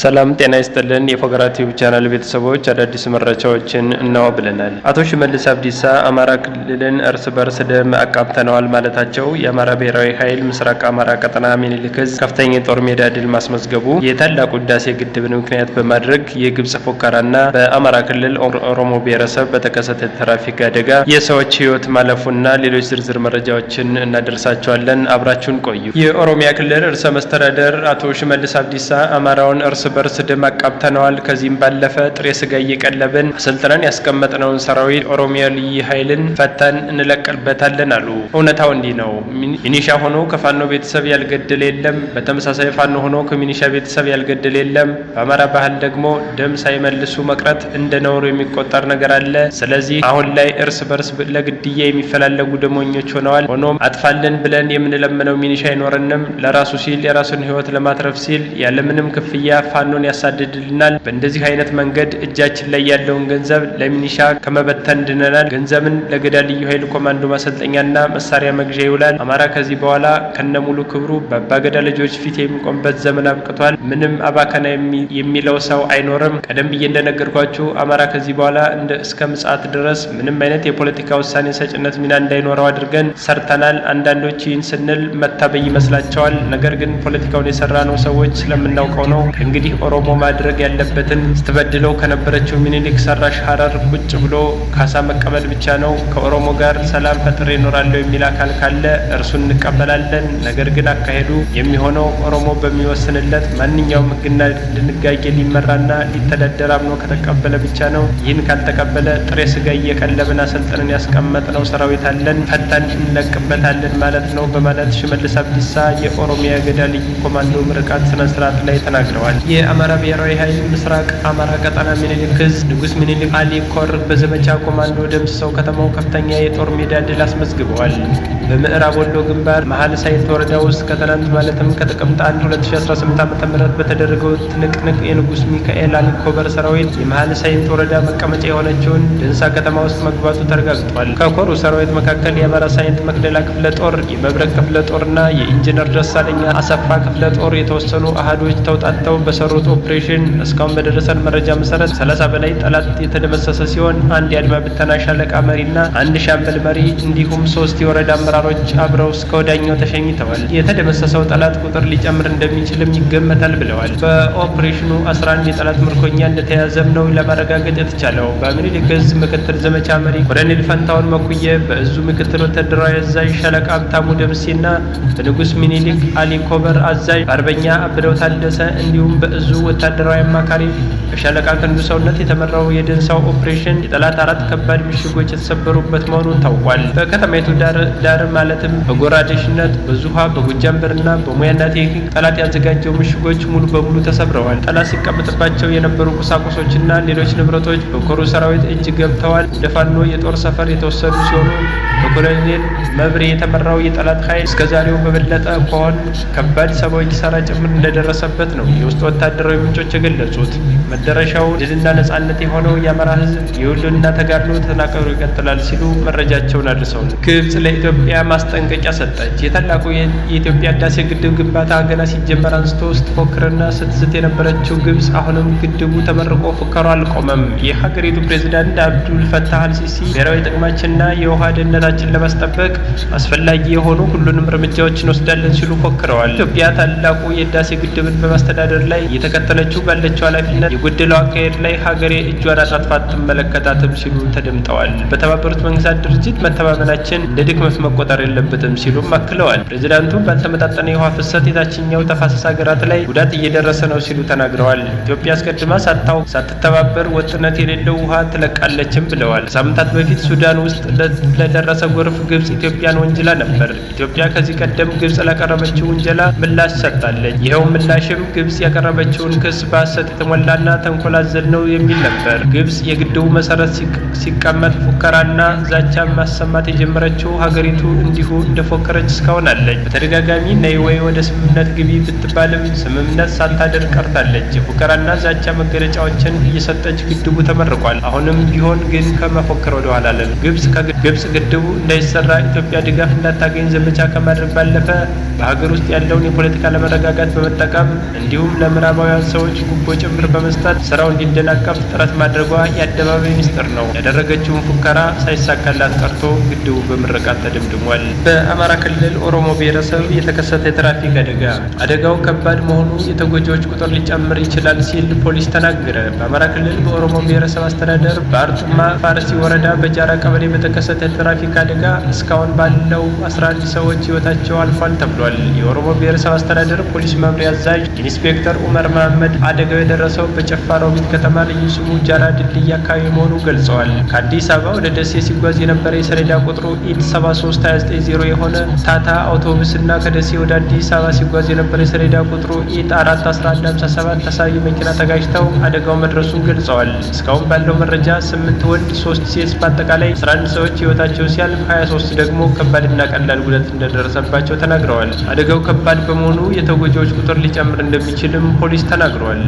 ሰላም ጤና ይስጥልን። የፎገራ ቲዩብ ቻናል ቤተሰቦች አዳዲስ መረጃዎችን እናው ብለናል። አቶ ሽመልስ አብዲሳ አማራ ክልልን እርስ በርስ ደም አቃብተነዋል ማለታቸው፣ የአማራ ብሔራዊ ኃይል ምስራቅ አማራ ቀጠና ሚኒሊክ ከፍተኛ የጦር ሜዳ ድል ማስመዝገቡ፣ የታላቁ ህዳሴ ግድብን ምክንያት በማድረግ የግብጽ ፉከራና በአማራ ክልል ኦሮሞ ብሔረሰብ በተከሰተ ትራፊክ አደጋ የሰዎች ህይወት ማለፉና ሌሎች ዝርዝር መረጃዎችን እናደርሳቸዋለን። አብራችሁን ቆዩ። የኦሮሚያ ክልል እርሰ መስተዳደር አቶ ሽመልስ አብዲሳ አማራውን እርስ እርስ በርስ ደም አቃብተነዋል። ከዚህም ባለፈ ጥሬ ስጋ እየቀለብን አሰልጥነን ያስቀመጥነውን ሰራዊት ኦሮሚያ ልዩ ኃይልን ፈተን እንለቀልበታለን አሉ። እውነታው እንዲህ ነው። ሚኒሻ ሆኖ ከፋኖ ቤተሰብ ያልገደለ የለም። በተመሳሳይ ፋኖ ሆኖ ከሚኒሻ ቤተሰብ ያልገደለ የለም። በአማራ ባህል ደግሞ ደም ሳይመልሱ መቅረት እንደ ነውር የሚቆጠር ነገር አለ። ስለዚህ አሁን ላይ እርስ በርስ ለግድያ የሚፈላለጉ ደሞኞች ሆነዋል። ሆኖም አጥፋልን ብለን የምንለምነው ሚኒሻ አይኖረንም። ለራሱ ሲል የራሱን ህይወት ለማትረፍ ሲል ያለምንም ክፍያ ፋኖን ያሳድድልናል። በእንደዚህ አይነት መንገድ እጃችን ላይ ያለውን ገንዘብ ለሚኒሻ ከመበተን ድነናል። ገንዘብን ለገዳ ልዩ ኃይል ኮማንዶ ማሰልጠኛና መሳሪያ መግዣ ይውላል። አማራ ከዚህ በኋላ ከነሙሉ ክብሩ በአባገዳ ልጆች ፊት የሚቆምበት ዘመን አብቅቷል። ምንም አባከና የሚለው ሰው አይኖርም። ቀደም ብዬ እንደነገርኳችሁ አማራ ከዚህ በኋላ እስከ ምጽአት ድረስ ምንም አይነት የፖለቲካ ውሳኔ ሰጭነት ሚና እንዳይኖረው አድርገን ሰርተናል። አንዳንዶች ይህን ስንል መታበይ ይመስላቸዋል። ነገር ግን ፖለቲካውን የሰራ ነው ሰዎች ስለምናውቀው ነው። እንግዲህ ኦሮሞ ማድረግ ያለበትን ስትበድለው ከነበረችው ሚኒሊክ ሰራሽ ሀረር ቁጭ ብሎ ካሳ መቀበል ብቻ ነው። ከኦሮሞ ጋር ሰላም ፈጥሬ እኖራለሁ የሚል አካል ካለ እርሱን እንቀበላለን። ነገር ግን አካሄዱ የሚሆነው ኦሮሞ በሚወስንለት ማንኛውም ህግና ድንጋጌ ሊመራና ሊተዳደር አምኖ ከተቀበለ ብቻ ነው። ይህን ካልተቀበለ ጥሬ ስጋ እየቀለብን አሰልጥነን ያስቀመጥነው ሰራዊት አለን ፈታን እንለቅበታለን ማለት ነው በማለት ሽመልስ አብዲሳ የኦሮሚያ ገዳ ልዩ ኮማንዶ ምርቃት ስነስርዓት ላይ ተናግረዋል። የአማራ ብሔራዊ ኃይል ምስራቅ አማራ ቀጠና ሚኒሊክ እዝ ንጉስ ሚኒሊክ አሊ ኮር በዘመቻ ኮማንዶ ደምስሰው ከተማው ከፍተኛ የጦር ሜዳ ድል አስመዝግበዋል። በምዕራብ ወሎ ግንባር መሀል ሳይንት ወረዳ ውስጥ ከትናንት ማለትም ከጥቅምት 1 2018 ዓ ም በተደረገው ትንቅንቅ የንጉስ ሚካኤል አሊ ኮበር ሰራዊት የመሀል ሳይንት ወረዳ መቀመጫ የሆነችውን ደንሳ ከተማ ውስጥ መግባቱ ተረጋግጧል። ከኮሩ ሰራዊት መካከል የአማራ ሳይንት መቅደላ ክፍለ ጦር፣ የመብረቅ ክፍለ ጦርና የኢንጂነር ደሳለኛ አሰፋ ክፍለ ጦር የተወሰኑ አህዶች ተውጣጥተው በሰ በተሰሩት ኦፕሬሽን እስካሁን በደረሰን መረጃ መሰረት ሰላሳ በላይ ጠላት የተደመሰሰ ሲሆን አንድ የአድማ ብተና ሻለቃ መሪና አንድ ሻምበል መሪ እንዲሁም ሶስት የወረዳ አመራሮች አብረው እስከ ወዳኛው ተሸኝተዋል። የተደመሰሰው ጠላት ቁጥር ሊጨምር እንደሚችልም ይገመታል ብለዋል። በኦፕሬሽኑ 11 የጠላት ምርኮኛ እንደተያዘም ነው ለማረጋገጥ የተቻለው። በአሚኒልክ እዝ ምክትል ዘመቻ መሪ ኮሎኔል ፈንታውን መኩየ፣ በእዙ ምክትል ወታደራዊ አዛዥ ሻለቃ ሀብታሙ ደምሴና በንጉስ ሚኒሊክ አሊ ኮበር አዛዥ በአርበኛ አብደው ታደሰ እንዲሁም በእዙ ወታደራዊ አማካሪ በሻለቃ ክንዱ ሰውነት የተመራው የደንሳው ኦፕሬሽን የጠላት አራት ከባድ ምሽጎች የተሰበሩበት መሆኑን ታውቋል። በከተማይቱ ዳር ማለትም በጎራደሽነት፣ በዙሃ በጎጃምብርና በሙያና ቴክኒክ ጠላት ያዘጋጀው ምሽጎች ሙሉ በሙሉ ተሰብረዋል። ጠላት ሲቀመጥባቸው የነበሩ ቁሳቁሶችና ሌሎች ንብረቶች በኮሩ ሰራዊት እጅ ገብተዋል። ወደ ፋኖ የጦር ሰፈር የተወሰዱ ሲሆኑ በኮሎኔል መብሬ የተመራው የጠላት ኃይል እስከዛሬው በበለጠ ከሆን ከባድ ሰብአዊ ኪሳራ ጭምር እንደደረሰበት ነው የውስጥ ወታደራዊ ምንጮች የገለጹት። መዳረሻው ድልና ነጻነት የሆነው የአማራ ህዝብ የውልና ተጋድሎ ተጠናክሮ ይቀጥላል ሲሉ መረጃቸውን አድርሰው ግብጽ ለኢትዮጵያ ማስጠንቀቂያ ሰጠች። የታላቁ የኢትዮጵያ ህዳሴ ግድብ ግንባታ ገና ሲጀመር አንስቶ ስትፎክርና ስትስት የነበረችው ግብጽ አሁንም ግድቡ ተመርቆ ፉከሩ አልቆመም። የሀገሪቱ ፕሬዚዳንት አብዱል ፈታህ አልሲሲ ብሔራዊ ጥቅማችንና የውሃ ደህንነታችን ለማስጠበቅ አስፈላጊ የሆኑ ሁሉንም እርምጃዎች እንወስዳለን ሲሉ ፎክረዋል። ኢትዮጵያ ታላቁ የህዳሴ ግድብን በማስተዳደር ላይ የተከተለችው ባለችው ኃላፊነት የጎደለው አካሄድ ላይ ሀገሬ እጇን አሳርፋ አትመለከታትም ሲሉ ተደምጠዋል። በተባበሩት መንግስታት ድርጅት መተማመናችን እንደ ድክመት መቆጠር የለበትም ሲሉም አክለዋል። ፕሬዚዳንቱ ባልተመጣጠነ የውሃ ፍሰት የታችኛው ተፋሰስ ሀገራት ላይ ጉዳት እየደረሰ ነው ሲሉ ተናግረዋል። ኢትዮጵያ አስቀድማ ሳታውቅ ሳትተባበር ወጥነት የሌለው ውሃ ትለቃለችም ብለዋል። ከሳምንታት በፊት ሱዳን ውስጥ ለደረሰ ጎርፍ ግብጽ ኢትዮጵያን ወንጅላ ነበር። ኢትዮጵያ ከዚህ ቀደም ግብጽ ላቀረበችው ውንጀላ ምላሽ ሰጥታለች። ይኸው ምላሽም ግብጽ ያቀረ ያቀረበችውን ክስ በሐሰት የተሞላና ተንኮላዘል ነው የሚል ነበር። ግብጽ የግድቡ መሰረት ሲቀመጥ ፉከራና ዛቻ ማሰማት የጀመረችው ሀገሪቱ እንዲሁ እንደፎከረች አለች። በተደጋጋሚ ነይ ወይ ወደ ስምምነት ግቢ ብትባልም ስምምነት ሳታደርግ ቀርታለች። ፉከራና ዛቻ መገለጫዎችን እየሰጠች ግድቡ ተመርቋል። አሁንም ቢሆን ግን ከመፎከር ወደኋላ አለን። ግብጽ ግብጽ ግድቡ እንዳይሰራ ኢትዮጵያ ድጋፍ እንዳታገኝ ዘመቻ ከማድረግ ባለፈ በሀገር ውስጥ ያለውን የፖለቲካ ለመረጋጋት በመጠቀም እንዲሁም ለምዕራባውያን ሰዎች ጉቦ ጭምር በመስጠት ስራው እንዲደናቀፍ ጥረት ማድረጓ የአደባባይ ሚስጥር ነው። ያደረገችውን ፉከራ ሳይሳካላት ቀርቶ ግድቡ በምረቃት ተደምድሟል። በአማራ ክልል ኦሮሞ ብሔረሰብ የተከሰተ የትራፊክ አደጋ አደጋው ከባድ መሆኑ የተጎጂዎች ቁጥር ሊጨምር ይችላል ሲል ፖሊስ ተናገረ። በአማራ ክልል በኦሮሞ ብሔረሰብ አስተዳደር በአርጡማ ፋርሲ ወረዳ በጃራ ቀበሌ በተከሰ በተከሰተ ትራፊክ አደጋ እስካሁን ባለው 11 ሰዎች ሕይወታቸው አልፏል ተብሏል። የኦሮሞ ብሔረሰብ አስተዳደር ፖሊስ መምሪያ አዛዥ ኢንስፔክተር ኡመር መሐመድ አደጋው የደረሰው በጨፋ ሮቢት ከተማ ልዩ ስሙ ጃራ ድልድይ አካባቢ መሆኑ ገልጸዋል። ከአዲስ አበባ ወደ ደሴ ሲጓዝ የነበረ የሰሌዳ ቁጥሩ ኢድ 73290 የሆነ ታታ አውቶቡስ እና ከደሴ ወደ አዲስ አበባ ሲጓዝ የነበረ የሰሌዳ ቁጥሩ ኢድ 41157 ተሳቢ መኪና ተጋጅተው አደጋው መድረሱን ገልጸዋል። እስካሁን ባለው መረጃ ስምንት ወንድ ሶስት ሴት በአጠቃላይ 11 ሰዎች ህይወታቸው ሲያልፍ 23 ደግሞ ከባድና ቀላል ጉዳት እንደደረሰባቸው ተናግረዋል። አደጋው ከባድ በመሆኑ የተጎጂዎች ቁጥር ሊጨምር እንደሚችልም ፖሊስ ተናግረዋል።